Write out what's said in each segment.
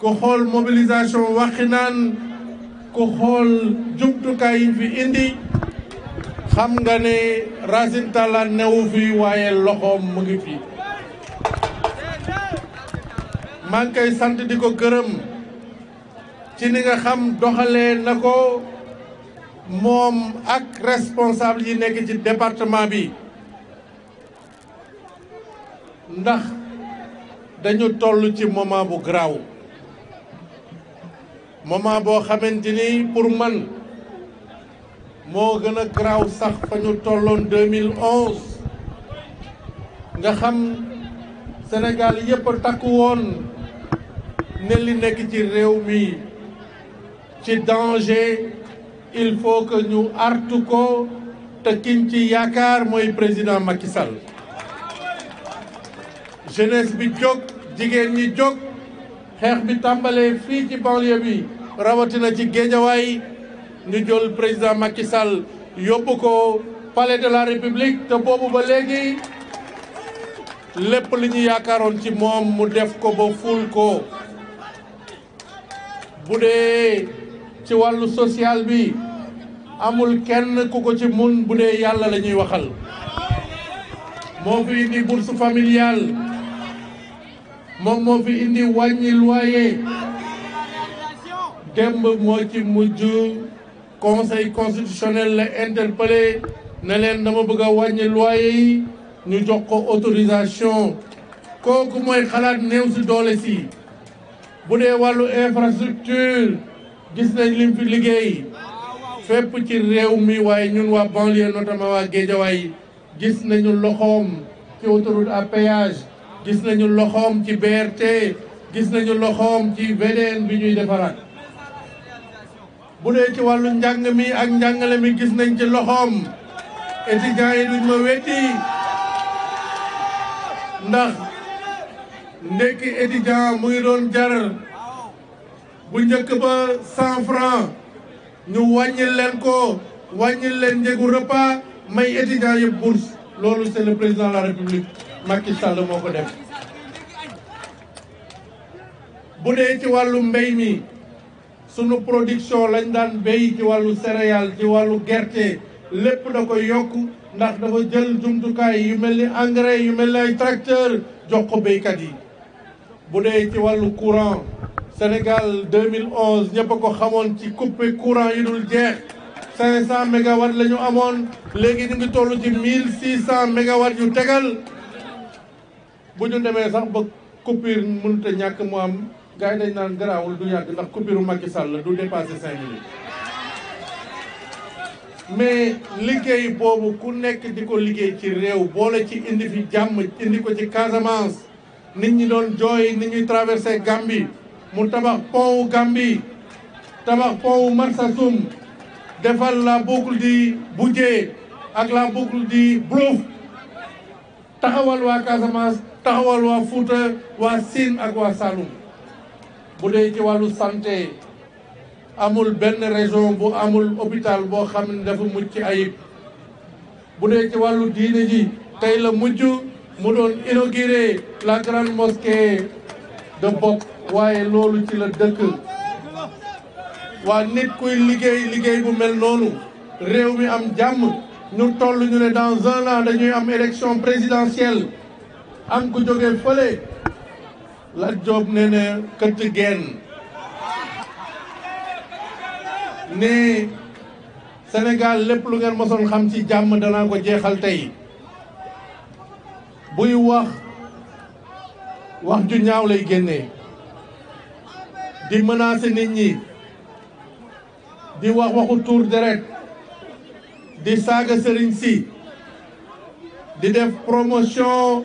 ku xool mobilisation waxinaan ku xool jumtukaay yi fi indi xam nga ne Racine Talla newu fi waaye loxoom mu ngi fi maa ngi koy sant di ko gërëm ci ni nga xam doxalee na ko moom ak responsable yi nekk ci département bi ndax dañu tollu ci moment bu garaaw moment bo xamanteni ni pour man mo gëna a sax fa ñu tollon 2011 nga xam Sénégal yépp takku woon ne li nekk ci réew mi ci danger il faut que ñu artu ko te kiñ ci yaakaar mooy président Macky Sall jeunesse bi jóg jigéen ñi jóg xeex bi tàmbalee fii ci banlieue bi rawatina ci géejawaay ñu jël président Macky Sall yóbbu ko palais de la république te boobu ba léegi lépp li ñu yaakaaroon ci moom mu def ko ba ful ko bu dee ci wàllu social bi amul kenn ku ko ci mun bu dee yàlla la ñuy waxal moo indi bourse familiale moom indi wàññi loyer démb moo ci mujj conseil constitutionnel la interpellé ne leen dama bëgg a wàññi loyer ñu jox ko autorisation kooku mooy xalaat new si doole si bu dee wàllu infrastructure gis nañ lim fi liggéey fépp ci réew mi waaye ñun waa banlieue notamment waa Géejawaay gis nañu loxoom ci autoroute à péage gis nañu loxoom ci BRT gis nañu loxoom ci VDN bi ñuy defaraat bude ci walu njang mi ak njangale mi gis nañ ci loxom étudiants yi duñ ma wéti ndax ndekki étudiant mu ngi doon jar bu njëkk ba cent franc ñu wàññil leen ko wàññil leen njëgu repas may étudiant yëpp bourse loolu c'est le président de la république Macky Sall moo ko def bu dee ci wàllu mbéy mi sunu production lañ daan béy ci wàllu céréale ci wàllu gerte lépp da ko yokk ndax dafa jël jumtukaay yu mel ni engrais yu mel ni ay tracteur jox ko béykat yi bu dee ci wàllu courant Sénégal 2011 ñëpp a ko xamoon ci coupé courant yu dul jeex 500 mégawatts la ñu amoon léegi ñu ngi toll ci 1600 mégawatts yu tegal bu ñu demee sax ba coupure mënut a ñàkk mu am gars yi dañ naan garaawul du yàgg ndax kubbiru Macky Sall la du dépassé cinq minutes mais liggéey boobu ku nekk di ko liggéey ci réew boole ci indi fi jàmm indi ko ci Casamance ni ñi doon jooy ni ñuy traversé Gambie mu tabax pont wu Gambie tabax pont wu Marsassoum la boucle di Boudjé ak la boucle di Broof taxawal waa Casamance taxawal waa Fouta waa Sine ak waa Saloum bu dee ci wàllu santé amul benn région bu amul hôpital boo xam ne dafa mucc ayib bu dee ci wàllu diine ji tey la mujj mu doon inauguré la grande mosquée de Bokk waaye loolu ci la dëkk waa nit kuy liggéey liggéey bu mel noonu réew mi am jàmm ñu toll ñu ne dans un an dañuy am élection présidentielle am ku jógee fële la job ne ne gen ne senegal lepp lu ngeen mason xam ci jàmm danaa ko jexal tay buy wax wax ju ñaaw lay genné di menacer nit ñi di wax waxu tour deret di saga serigne si di def promotion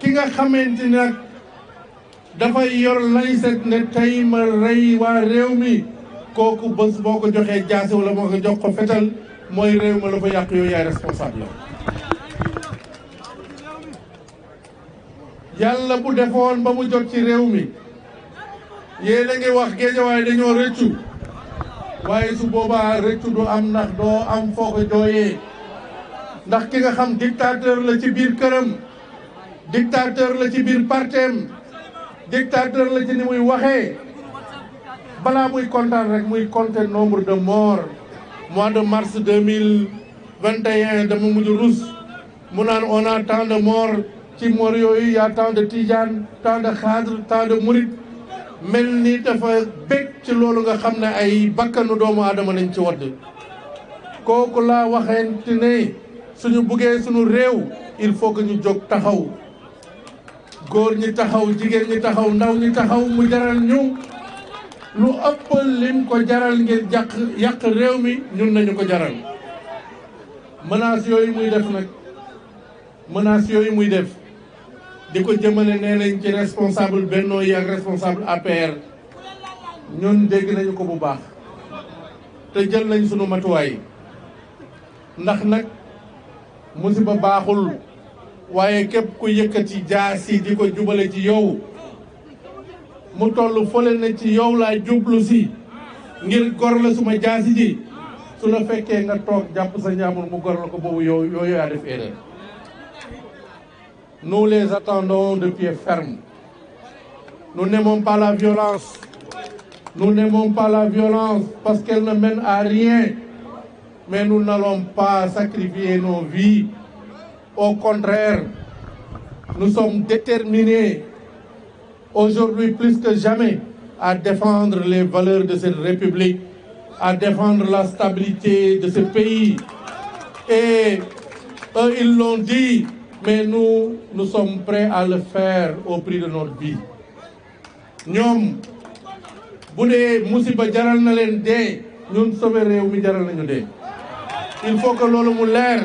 ki nga xamante ni nag dafay yor lañset ne tey rey waa réew mi kooku bés boo ko joxee jaasi wala moo ko jox ko fetal mooy réew ma la fa yàq yooyu yaay responsable yàlla bu defoon ba mu jot ci réew mi yéen a ngi wax géejawaay dañoo rëccu waaye su boobaa rëccu du am ndax doo am foo ko jooyee ndax ki nga xam dictateur la ci biir këram dictateur la ci bir partem dictateur la ci ni muy waxee bala muy kontaan rek muy compter nombre de morts mois de mars 2021 de rus mu naan on a tant de morts ci mor yooyu y'a tant de tidiane tant de khadr tant de mourid mel ni dafa bek ci lolu nga xam ay bakkanu doomu aadama lañ ci wad kooku laa waxeenti ne suñu buggee suñu réew il faut que ñu jog taxaw góor ñi taxaw jigéen ñi taxaw ndaw ñi taxaw mu jaral ñu lu ëpp lim ko jaral ngir jàq yàq réew mi ñun nañu ko jaral menaces yooyu muy def nag menaces yooyu muy def di ko jëmale nee nañ ci responsable Benno yi ak responsable APR ñun dégg nañu ko bu baax te jël nañ sunu matuwaay ndax nag musiba baaxul waaye képp ku yëkkati jaasi di ko jubale ci yow mu toll fële na ci yow laa jublu si ngir gor la suma jaasi ji su la fekkee nga toog jàpp sa ñaamul mu gor la ko boobu yow yooyu yaa def erreur nous les attendons de pied ferme nous n'aimons pas la violence nous n'aimons pas la violence parce qu'elle ne mène à rien mais nous n'allons pas sacrifier nos vies au contraire, nous sommes déterminés aujourd'hui plus que jamais à défendre les valeurs de cette République, à défendre la stabilité de ce pays. Et eux, ils l'ont dit, mais nous, nous sommes prêts à le faire au prix de notre vie. Nous, nous sommes musiba jaral le nous au ñun de notre il faut que l'on le l'air.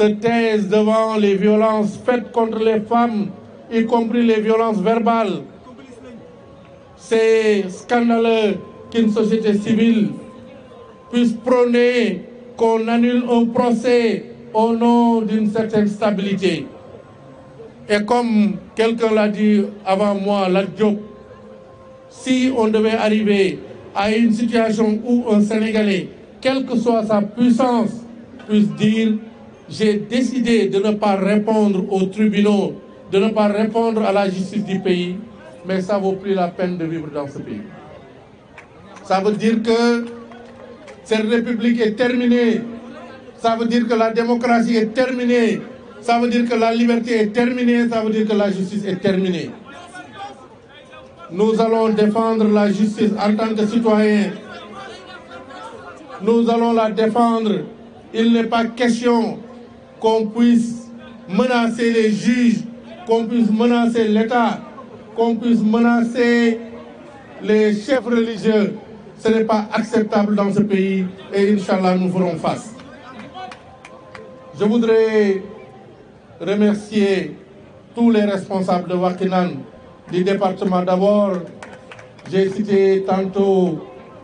se taisent devant les violences faites contre les femmes, y compris les violences verbales. C'est scandaleux qu'une société civile puisse prôner qu'on annule un procès au nom d'une certaine stabilité. Et comme quelqu'un l'a dit avant moi, l'adjoint, si on devait arriver à une situation où un Sénégalais, quelle que soit sa puissance, puisse dire j'ai décidé de ne pas répondre aux tribunaux, de ne pas répondre à la justice du pays, mais ça vaut plus la peine de vivre dans ce pays. Ça veut dire que cette république est terminée. Ça veut dire que la démocratie est terminée. Ça veut dire que la liberté est terminée. Ça veut dire que la justice est terminée. Nous allons défendre la justice en tant que citoyens. Nous allons la défendre. Il n'est pas question qu'on puisse menacer les juges, qu'on puisse menacer l'État, qu'on puisse menacer les chefs religieux. Ce n'est pas acceptable dans ce pays et Inch'Allah, nous ferons face. Je voudrais remercier tous les responsables de Wakinan, du département d'abord. J'ai cité tantôt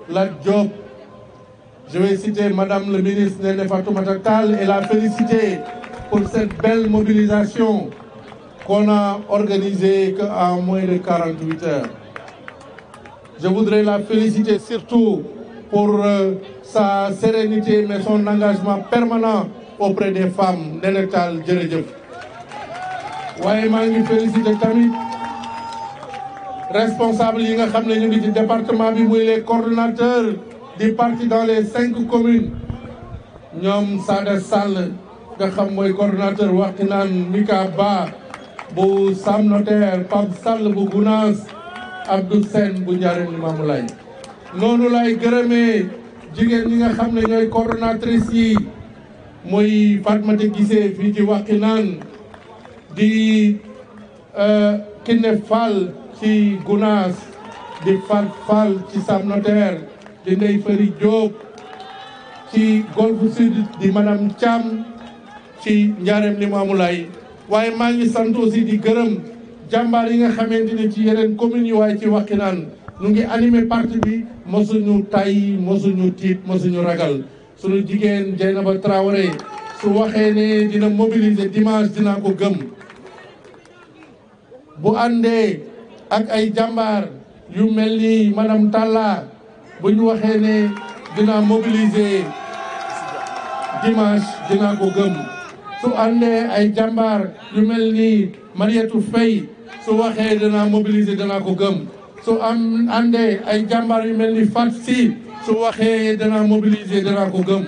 la Job, je vais citer Madame le ministre Nene Fatoumata et la féliciter pour cette belle mobilisation qu'on a organisée en moins de 48 heures. Je voudrais la féliciter surtout pour euh, sa sérénité mais son engagement permanent auprès des femmes. Nene Tal Oui, responsable du département bi les di parti dans les cinq communes ñoom Sada Sall nga xam mooy coordonnateur Wakhinane Mika Ba bu Sam Notaire Pape Sall bu Gounass Abdou Sène bu Ndiarème Limamoulaye noonu lay gërëmee jigéen ñi nga xam ne ñooy coordonnatrice yi muy Fatmata Guissé fii ci Wakhinane di euh, Kiné Fall ci Gounass di Fat Fall ci Sam Notaire di Ndeye Fary Diop ci Golf Sud di madame Thiam ci njaareem li mu amulaay waaye maa ngi sant aussi di gërëm jàmbaar yi nga xamante ne ci yeneen communes yi waaye ci Wakhinane ñu ngi animé parti bi mosuñu tay mosuñu tiit mosuñu ragal suñu jigéen Dieynaba Traoré su waxee ne dina mobiliser dimanche dinaa ko gëm bu àndee ak ay jàmbaar yu mel ni madame Talla bu ñu waxee ne dinaa mobiliser dimanche dinaa ko gëm su àndee ay jàmbaar yu mel ni Mariétou Faye su waxee danaa mobiliser dana ko gëm su am àndee ay jàmbaar yu mel ni Fat Si su waxee dana mobiliser dana ko gëm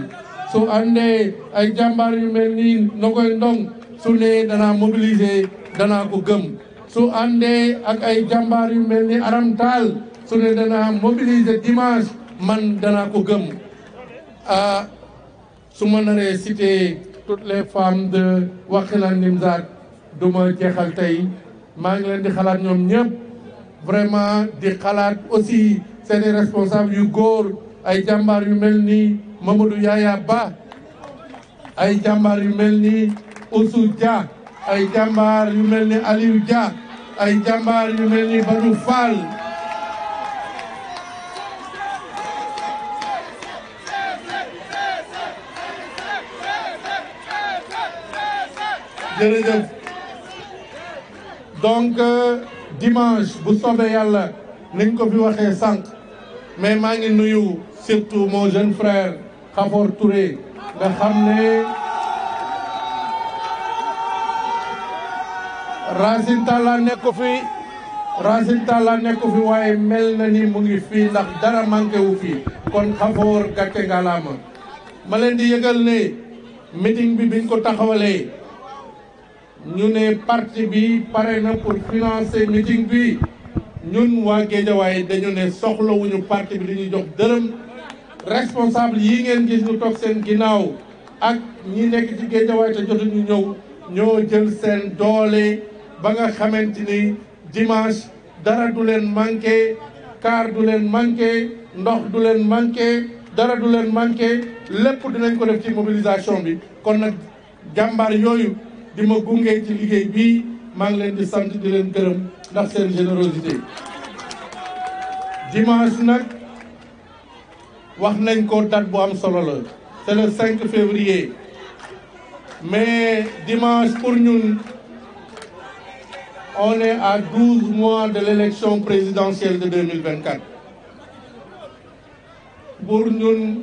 su àndee ay jàmbaar yu mel ni Nogoy Ndong su ne danaa mobiliser danaa ko gëm su àndee ak ay jàmbaar yu mel ni Aram Taal su ne danaa mobiliser dimanche man danaa ko gëm a su ma naree citer toutes les femmes de Wakhilan Nimzatt du ma jeexal tey maa ngi leen di xalaat ñoom ñëpp vraiment di xalaat aussi seen responsable yu góor ay jàmbaar yu mel ni Mamadou Yaya Ba ay jàmbaar yu mel ni Oussou Dia ay jàmbaar yu mel ni Aliou Dia ay jàmbaar yu mel ni Badou Fall jërëjëf donc euh, dimanche bu soobee yàlla nañ ko fi waxee sànq mais maa ngi nuyu surtout mon jeune frère Khafor Touré nga xam ne Racine Talla nekku fi Racine Talla nekku fi waaye mel na ni mu ngi fii ndax dara manqué wu fii kon Khafor gàcce ngalaama ma di yëgal ne meeting bi biñ ko taxawalee ñu ne parti bi pare na pour financer meeting bi ñun waa Géejawaay dañu ne soxlawuñu parti bi di ñu jox dërëm responsable yi ngeen gis ñu toog seen ginnaaw ak ñi nekk ci Géejawaay te jotuñu ñëw ñoo jël seen doole ba nga xamante ni dimanche dara du leen manqué car du leen manqué ndox du leen manqué dara du leen manqué lépp dinañ ko def ci mobilisation bi kon nag jàmbaar yooyu Je vous ci liggéey bii de ngi di générosité dimanche c'est le 5 février mais dimanche pour nous, on est à 12 mois de l'élection présidentielle de 2024 pour nous,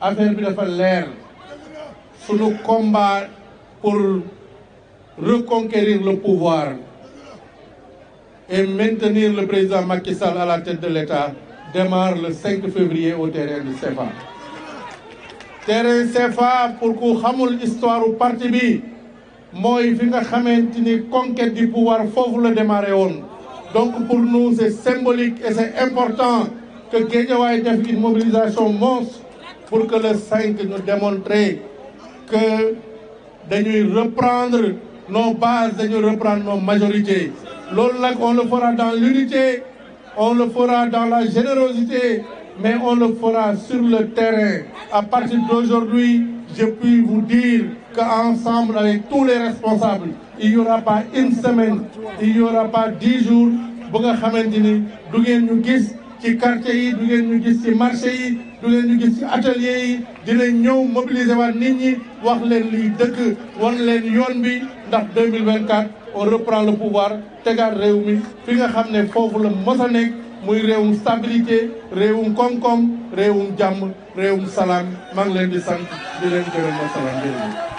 affaire bi dafa l'air. nous combat pour reconquérir le pouvoir et maintenir le président Macky Sall à la tête de l'État démarre le 5 février au terrain de CFA. terrain CFA pour que l'histoire histoire parti Moi, conquête du pouvoir foofu le le donc pour nous c'est symbolique et c'est important que Guédiawaye ait une mobilisation monstre pour que le 5 nous démontre que nous reprendre nos bases nous reprendre nos majorités on le fera dans l'unité on le fera dans la générosité mais on le fera sur le terrain à partir d'aujourd'hui je puis vous dire qu'ensemble avec tous les responsables il n'y aura pas une semaine il n'y aura pas dix jours nga nous quartier yi marché du leen ñu gis ci atelier yi dinañ ñëw mobiliser waat nit ñi wax leen liy dëkk wan leen yoon bi ndax 2024 on reprend le pouvoir tegaat réew mi fi nga xam ne foofu la mos a muy réewum stabilité réewum koom-koom réewum jàmm réewum salaam maa ngi leen di sant di leen gërëm wa salaam